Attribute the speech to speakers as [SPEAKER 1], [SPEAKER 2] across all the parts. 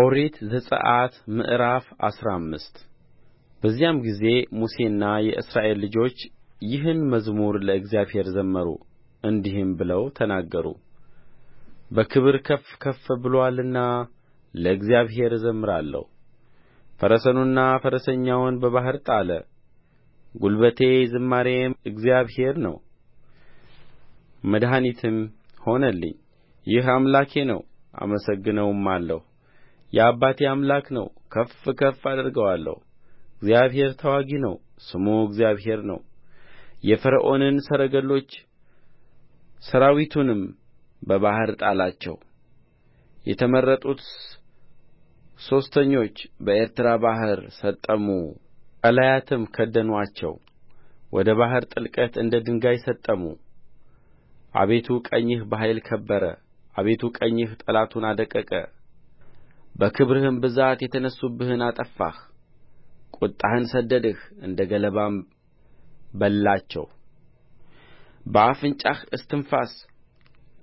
[SPEAKER 1] ኦሪት ዘጽአት ምዕራፍ አስራ አምስት በዚያም ጊዜ ሙሴና የእስራኤል ልጆች ይህን መዝሙር ለእግዚአብሔር ዘመሩ እንዲህም ብለው ተናገሩ በክብር ከፍ ከፍ ብሎአልና ለእግዚአብሔር እዘምራለሁ ፈረሱንና ፈረሰኛውን በባሕር ጣለ ጕልበቴ ዝማሬዬም እግዚአብሔር ነው መድኃኒትም ሆነልኝ ይህ አምላኬ ነው አመሰግነውማለሁ የአባቴ አምላክ ነው ከፍ ከፍ አደርገዋለሁ እግዚአብሔር ተዋጊ ነው ስሙ እግዚአብሔር ነው የፈርዖንን ሰረገሎች ሠራዊቱንም በባሕር ጣላቸው የተመረጡት ሦስተኞች በኤርትራ ባሕር ሰጠሙ ቀላያትም ከደኑአቸው ወደ ባሕር ጥልቀት እንደ ድንጋይ ሰጠሙ አቤቱ ቀኝህ በኃይል ከበረ አቤቱ ቀኝህ ጠላቱን አደቀቀ በክብርህም ብዛት የተነሡብህን አጠፋህ ቍጣህን ሰድደህ እንደ ገለባም በላቸው በአፍንጫህ እስትንፋስ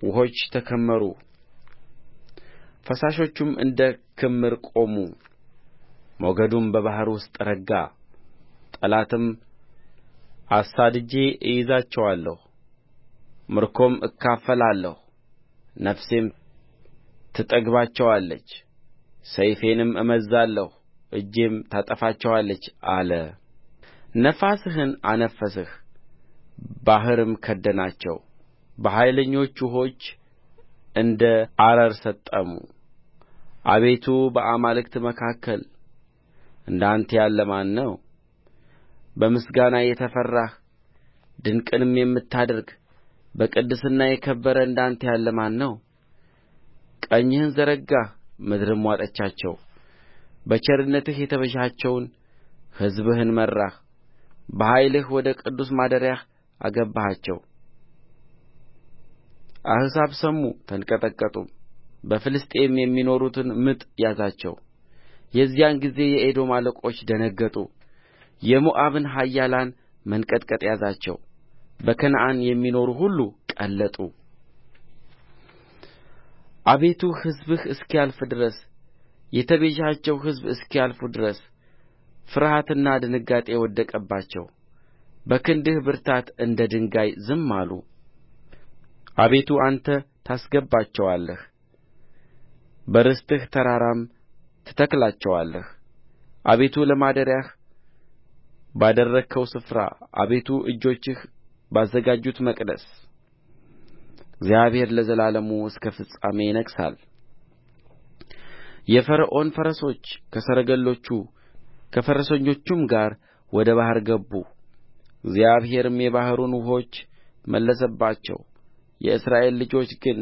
[SPEAKER 1] ውኆች ተከመሩ ፈሳሾቹም እንደ ክምር ቆሙ ሞገዱም በባሕር ውስጥ ረጋ ጠላትም አሳድጄ እይዛቸዋለሁ ምርኮም እካፈላለሁ ነፍሴም ትጠግባቸዋለች ሰይፌንም እመዝዛለሁ እጄም ታጠፋቸዋለች አለ ነፋስህን አነፈስህ ባሕርም ከደናቸው በኃይለኞች ውኆች እንደ አረር ሰጠሙ አቤቱ በአማልክት መካከል እንደ አንተ ያለ ማን ነው በምስጋና የተፈራህ ድንቅንም የምታደርግ በቅድስና የከበረ እንደ አንተ ያለ ማን ነው ቀኝህን ዘረጋህ ምድርም ዋጠቻቸው በቸርነትህ የተቤዠሃቸውን ሕዝብህን መራህ በኃይልህ ወደ ቅዱስ ማደሪያህ አገባሃቸው አሕዛብ ሰሙ ተንቀጠቀጡም በፍልስጥኤም የሚኖሩትን ምጥ ያዛቸው የዚያን ጊዜ የኤዶም አለቆች ደነገጡ የሞዓብን ኃያላን መንቀጥቀጥ ያዛቸው በከነዓን የሚኖሩ ሁሉ ቀለጡ አቤቱ ሕዝብህ እስኪያልፍ ድረስ የተቤዠሃቸው ሕዝብ እስኪያልፉ ድረስ ፍርሃትና ድንጋጤ ወደቀባቸው በክንድህ ብርታት እንደ ድንጋይ ዝም አሉ አቤቱ አንተ ታስገባቸዋለህ በርስትህ ተራራም ትተክላቸዋለህ አቤቱ ለማደሪያህ ባደረግኸው ስፍራ አቤቱ እጆችህ ባዘጋጁት መቅደስ እግዚአብሔር ለዘላለሙ እስከ ፍጻሜ ይነግሣል የፈርዖን ፈረሶች ከሰረገሎቹ ከፈረሰኞቹም ጋር ወደ ባሕር ገቡ እግዚአብሔርም የባሕሩን ውኆች መለሰባቸው የእስራኤል ልጆች ግን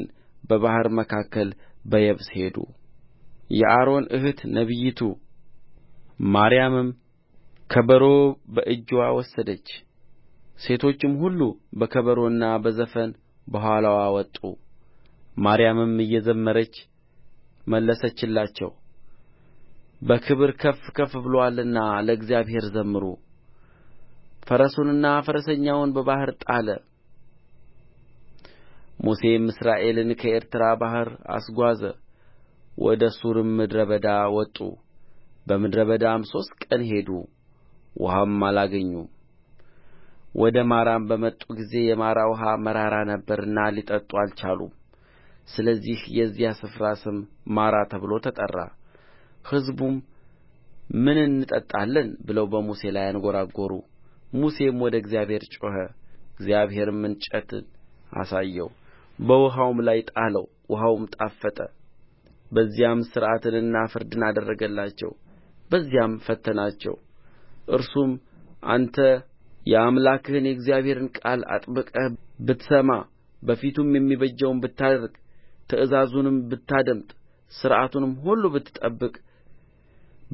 [SPEAKER 1] በባሕር መካከል በየብስ ሄዱ የአሮን እኅት ነቢይቱ ማርያምም ከበሮ በእጅዋ ወሰደች ሴቶችም ሁሉ በከበሮና በዘፈን በኋላዋ ወጡ ማርያምም እየዘመረች መለሰችላቸው በክብር ከፍ ከፍ ብሎአልና ለእግዚአብሔር ዘምሩ ፈረሱንና ፈረሰኛውን በባሕር ጣለ ሙሴም እስራኤልን ከኤርትራ ባሕር አስጓዘ ወደ ሱርም ምድረ በዳ ወጡ በምድረ በዳም ሦስት ቀን ሄዱ ውኃም አላገኙም ወደ ማራም በመጡ ጊዜ የማራ ውኃ መራራ ነበርና ሊጠጡ አልቻሉም ስለዚህ የዚያ ስፍራ ስም ማራ ተብሎ ተጠራ ሕዝቡም ምን እንጠጣለን ብለው በሙሴ ላይ አንጐራጐሩ ሙሴም ወደ እግዚአብሔር ጮኸ እግዚአብሔርም እንጨትን አሳየው በውኃውም ላይ ጣለው ውኃውም ጣፈጠ በዚያም ሥርዓትንና ፍርድን አደረገላቸው በዚያም ፈተናቸው እርሱም አንተ የአምላክህን የእግዚአብሔርን ቃል አጥብቀህ ብትሰማ በፊቱም የሚበጀውን ብታደርግ ትእዛዙንም ብታደምጥ ሥርዓቱንም ሁሉ ብትጠብቅ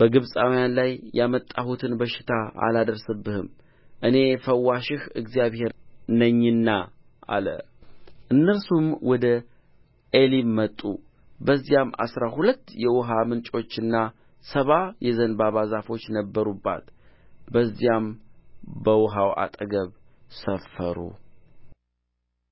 [SPEAKER 1] በግብፃውያን ላይ ያመጣሁትን በሽታ አላደርስብህም እኔ ፈዋሽህ እግዚአብሔር ነኝና አለ እነርሱም ወደ ኤሊም መጡ በዚያም አሥራ ሁለት የውኃ ምንጮችና ሰባ የዘንባባ ዛፎች ነበሩባት በዚያም በውኃው አጠገብ ሰፈሩ